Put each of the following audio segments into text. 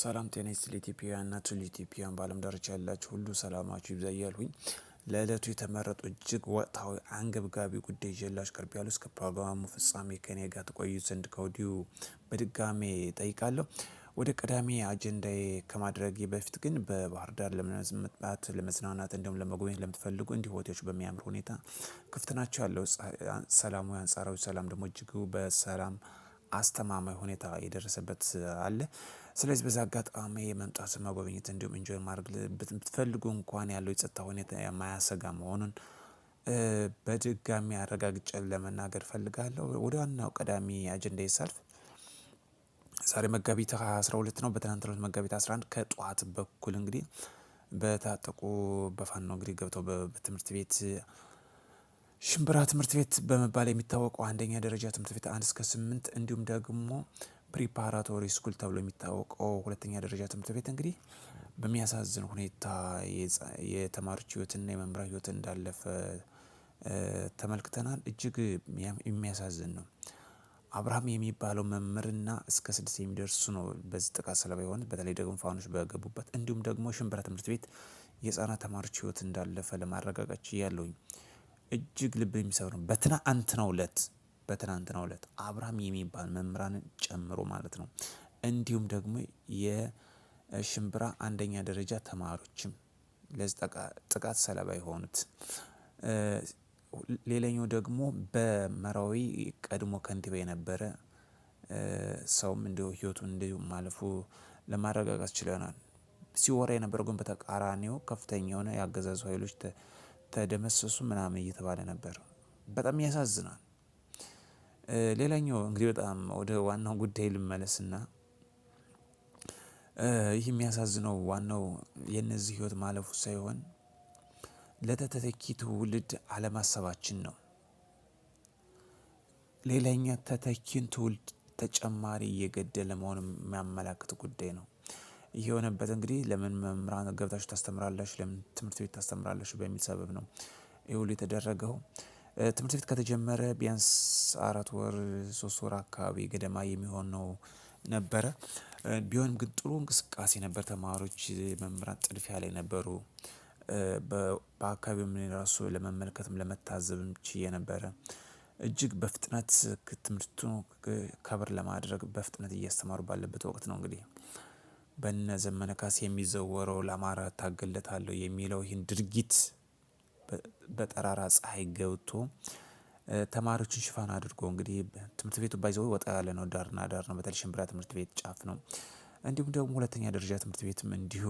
ሰላም ጤና ይስጥል ኢትዮጵያውያንና ትውልደ ኢትዮጵያውያን በዓለም ዳርቻ ያላችሁ ሁሉ ሰላማችሁ ይብዛ እያልኩኝ ለዕለቱ የተመረጡ እጅግ ወቅታዊ አንገብጋቢ ጉዳይ ይዤላችሁ ቀርቤያለሁ። እስከ ፕሮግራሙ ፍጻሜ ከኔ ጋር ተቆዩ ዘንድ ከወዲሁ በድጋሜ ጠይቃለሁ። ወደ ቀዳሚ አጀንዳ ከማድረግ በፊት ግን በባህር ዳር ለመምጣት ለመዝናናት እንዲሁም ለመጎብኘት ለምትፈልጉ እንዲህ ሆቴሎች በሚያምር ሁኔታ ክፍት ናቸው ያለው ሰላሙ አንጻራዊ ሰላም ደግሞ እጅግ በሰላም አስተማማኝ ሁኔታ የደረሰበት አለ። ስለዚህ በዛ አጋጣሚ መምጣት መጎብኘት፣ እንዲሁም እንጆይ ማድረግ ብትፈልጉ እንኳን ያለው የጸጥታ ሁኔታ የማያሰጋ መሆኑን በድጋሚ አረጋግጬ ለመናገር ፈልጋለሁ። ወደ ዋናው ቀዳሚ አጀንዳ ሳልፍ ዛሬ መጋቢት 12 ነው። በትናንት መጋቢት 11 ከጠዋት በኩል እንግዲህ በታጠቁ በፋኖ እንግዲህ ገብተው በትምህርት ቤት ሽምብራ ትምህርት ቤት በመባል የሚታወቀው አንደኛ ደረጃ ትምህርት ቤት አንድ እስከ ስምንት እንዲሁም ደግሞ ፕሪፓራቶሪ ስኩል ተብሎ የሚታወቀው ሁለተኛ ደረጃ ትምህርት ቤት እንግዲህ በሚያሳዝን ሁኔታ የተማሪዎች ህይወትና የመምህራን ህይወት እንዳለፈ ተመልክተናል። እጅግ የሚያሳዝን ነው። አብርሃም የሚባለው መምህርና እስከ ስድስት የሚደርሱ ነው በዚህ ጥቃት ሰለባ የሆነ በተለይ ደግሞ ፋኖች በገቡበት እንዲሁም ደግሞ ሽምብራ ትምህርት ቤት የህጻናት ተማሪዎች ህይወት እንዳለፈ ለማረጋጋች ያለውኝ እጅግ ልብ የሚሰብር ነው። በትናንትናው ዕለት በትናንትናው ዕለት አብርሃም የሚባል መምህራንን ጨምሮ ማለት ነው እንዲሁም ደግሞ የሽምብራ አንደኛ ደረጃ ተማሪዎችም ለዚህ ጥቃት ሰለባ የሆኑት ሌላኛው ደግሞ በመራዊ ቀድሞ ከንቲባ የነበረ ሰውም እንዲሁ ህይወቱ እንዲሁ ማለፉ ለማረጋጋት ችለናል። ሲወራ የነበረው ግን በተቃራኒው ከፍተኛ የሆነ የአገዛዙ ኃይሎች ተደመሰሱ ምናምን እየተባለ ነበር። በጣም ያሳዝናል። ሌላኛው እንግዲህ በጣም ወደ ዋናው ጉዳይ ልመለስና ይህ የሚያሳዝነው ዋናው የእነዚህ ህይወት ማለፉ ሳይሆን ለተተኪ ትውልድ አለማሰባችን ነው። ሌላኛ ተተኪን ትውልድ ተጨማሪ እየገደለ መሆኑ የሚያመላክት ጉዳይ ነው። ይህ የሆነበት እንግዲህ ለምን መምህራን ገብታችሁ ታስተምራለች ለምን ትምህርት ቤት ታስተምራለች በሚል ሰበብ ነው ይህ ሁሉ የተደረገው። ትምህርት ቤት ከተጀመረ ቢያንስ አራት ወር ሶስት ወር አካባቢ ገደማ የሚሆን ነው ነበረ። ቢሆንም ግን ጥሩ እንቅስቃሴ ነበር። ተማሪዎች፣ መምህራን ጥድፊያ ላይ ነበሩ። በአካባቢው ምን ራሱ ለመመልከትም ለመታዘብም ችዬ ነበረ። እጅግ በፍጥነት ትምህርቱን ከብር ለማድረግ በፍጥነት እያስተማሩ ባለበት ወቅት ነው እንግዲህ በነ ዘመነ ካሴ የሚዘወረው ለአማራ ታገለታለሁ የሚለው ይህን ድርጊት በጠራራ ፀሐይ ገብቶ ተማሪዎችን ሽፋን አድርጎ እንግዲህ ትምህርት ቤቱ ባይዘ ወጣ ያለ ነው፣ ዳርና ዳር ነው። በተለይ ሽምብራ ትምህርት ቤት ጫፍ ነው። እንዲሁም ደግሞ ሁለተኛ ደረጃ ትምህርት ቤትም እንዲሁ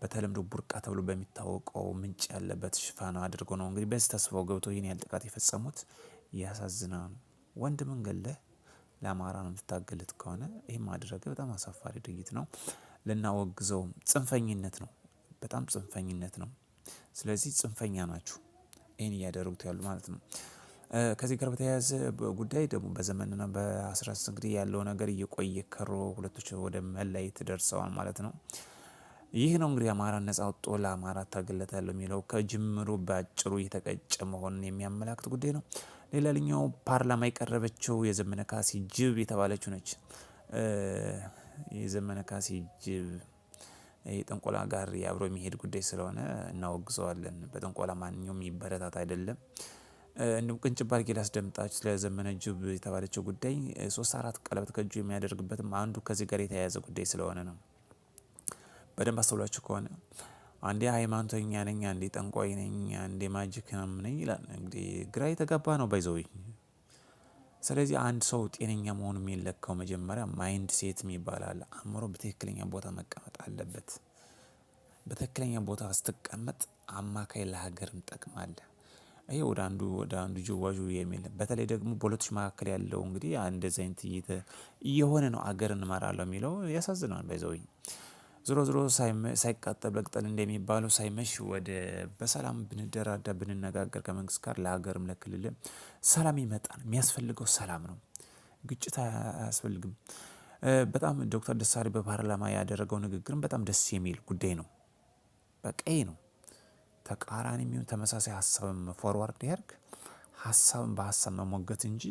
በተለምዶ ቡርቃ ተብሎ በሚታወቀው ምንጭ ያለበት ሽፋን አድርጎ ነው እንግዲህ በዚህ ተስፋው ገብቶ ይህን ያህል ጥቃት የፈጸሙት ያሳዝናል። ወንድምን ገለህ ለአማራ ነው የምትታገልት ከሆነ ይህ ማድረግ በጣም አሳፋሪ ድርጊት ነው። ልናወግዘውም ጽንፈኝነት ነው፣ በጣም ጽንፈኝነት ነው። ስለዚህ ጽንፈኛ ናችሁ ይህን እያደረጉት ያሉ ማለት ነው። ከዚህ ጋር በተያያዘ ጉዳይ ደግሞ በዘመንና በአስራስ እንግዲህ ያለው ነገር እየቆየ ከሮ ሁለቶች ወደ መለያየት ደርሰዋል ማለት ነው። ይህ ነው እንግዲህ አማራ ነጻ አውጥቶ ለአማራ ታገለታለሁ የሚለው ከጅምሩ በአጭሩ እየተቀጨ መሆኑን የሚያመላክት ጉዳይ ነው። ሌላኛው ፓርላማ የቀረበችው የዘመነ ካሴ ጅብ የተባለችው ነች። የዘመነ ካሴ ጅብ የጥንቆላ ጋር አብሮ የሚሄድ ጉዳይ ስለሆነ እናወግዘዋለን። በጥንቆላ ማንኛውም ይበረታት አይደለም። እንዲሁም ቅንጭብ አድርጌ ላስደምጣችሁ ስለ ዘመነ ጅብ የተባለችው ጉዳይ ሶስት አራት ቀለበት ከእጁ የሚያደርግበትም አንዱ ከዚህ ጋር የተያያዘ ጉዳይ ስለሆነ ነው። በደንብ አስተውላችሁ ከሆነ አንዴ ሃይማኖተኛ ነኝ፣ አንዴ ጠንቋይ ነኝ፣ አንዴ ማጅክ ምናምን ነኝ ይላል። እንግዲህ ግራ የተጋባ ነው ባይዘው። ስለዚህ አንድ ሰው ጤነኛ መሆኑ የሚለካው መጀመሪያ ማይንድ ሴት የሚባል አለ። አእምሮ በትክክለኛ ቦታ መቀመጥ አለበት። በትክክለኛ ቦታ ስትቀመጥ አማካይ ለሀገርም ጠቅማለ። ይሄ ወደ አንዱ ወደ አንዱ ጅዋዥ የሚል በተለይ ደግሞ በሁለቶች መካከል ያለው እንግዲህ እንደዚህ አይነት እየሆነ ነው አገር እንመራለሁ የሚለው ያሳዝናል ባይዘዊ ዞሮ ዞሮ ሳይቃጠል በቅጠል እንደሚባለው ሳይመሽ ወደ በሰላም ብንደራዳ ብንነጋገር ከመንግስት ጋር ለሀገርም ለክልልም ሰላም ይመጣል። የሚያስፈልገው ሰላም ነው፣ ግጭት አያስፈልግም። በጣም ዶክተር ደሳሪ በፓርላማ ያደረገው ንግግርም በጣም ደስ የሚል ጉዳይ ነው። በቀይ ነው ተቃራኒ የሚሆን ተመሳሳይ ሀሳብ ፎርዋርድ ያርግ ሀሳብን በሀሳብ መሞገት እንጂ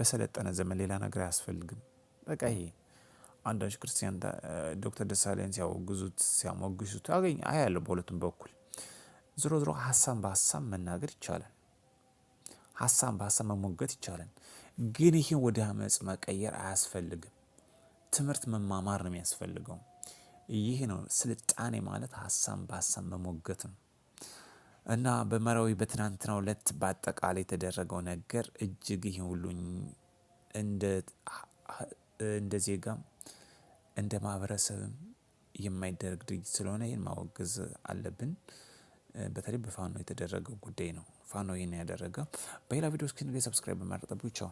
በሰለጠነ ዘመን ሌላ ነገር አያስፈልግም። በቃ ይሄ አንዳንድ ክርስቲያን ዶክተር ደሳለኝን ሲያወግዙት ሲያሞግሱት አገኝ አያለሁ። በሁለቱም በኩል ዝሮ ዝሮ ሀሳብ በሀሳብ መናገር ይቻላል። ሀሳብ በሀሳብ መሞገት ይቻላል። ግን ይህን ወደ አመፅ መቀየር አያስፈልግም። ትምህርት መማማር ነው የሚያስፈልገው። ይህ ነው ስልጣኔ ማለት ሀሳብ በሀሳብ መሞገት ነው። እና በመራዊ በትናንትናው ዕለት በአጠቃላይ የተደረገው ነገር እጅግ ይህን ሁሉ እንደ ዜጋም እንደ ማህበረሰብም የማይደረግ ድርጊት ስለሆነ ይህን ማወገዝ አለብን። በተለይ በፋኖ የተደረገው ጉዳይ ነው ፋኖ ይህን ያደረገ። በሌላ ቪዲዮ እስክንገናኝ ሰብስክራይብ በማድረግ ጠብቁ። ቻው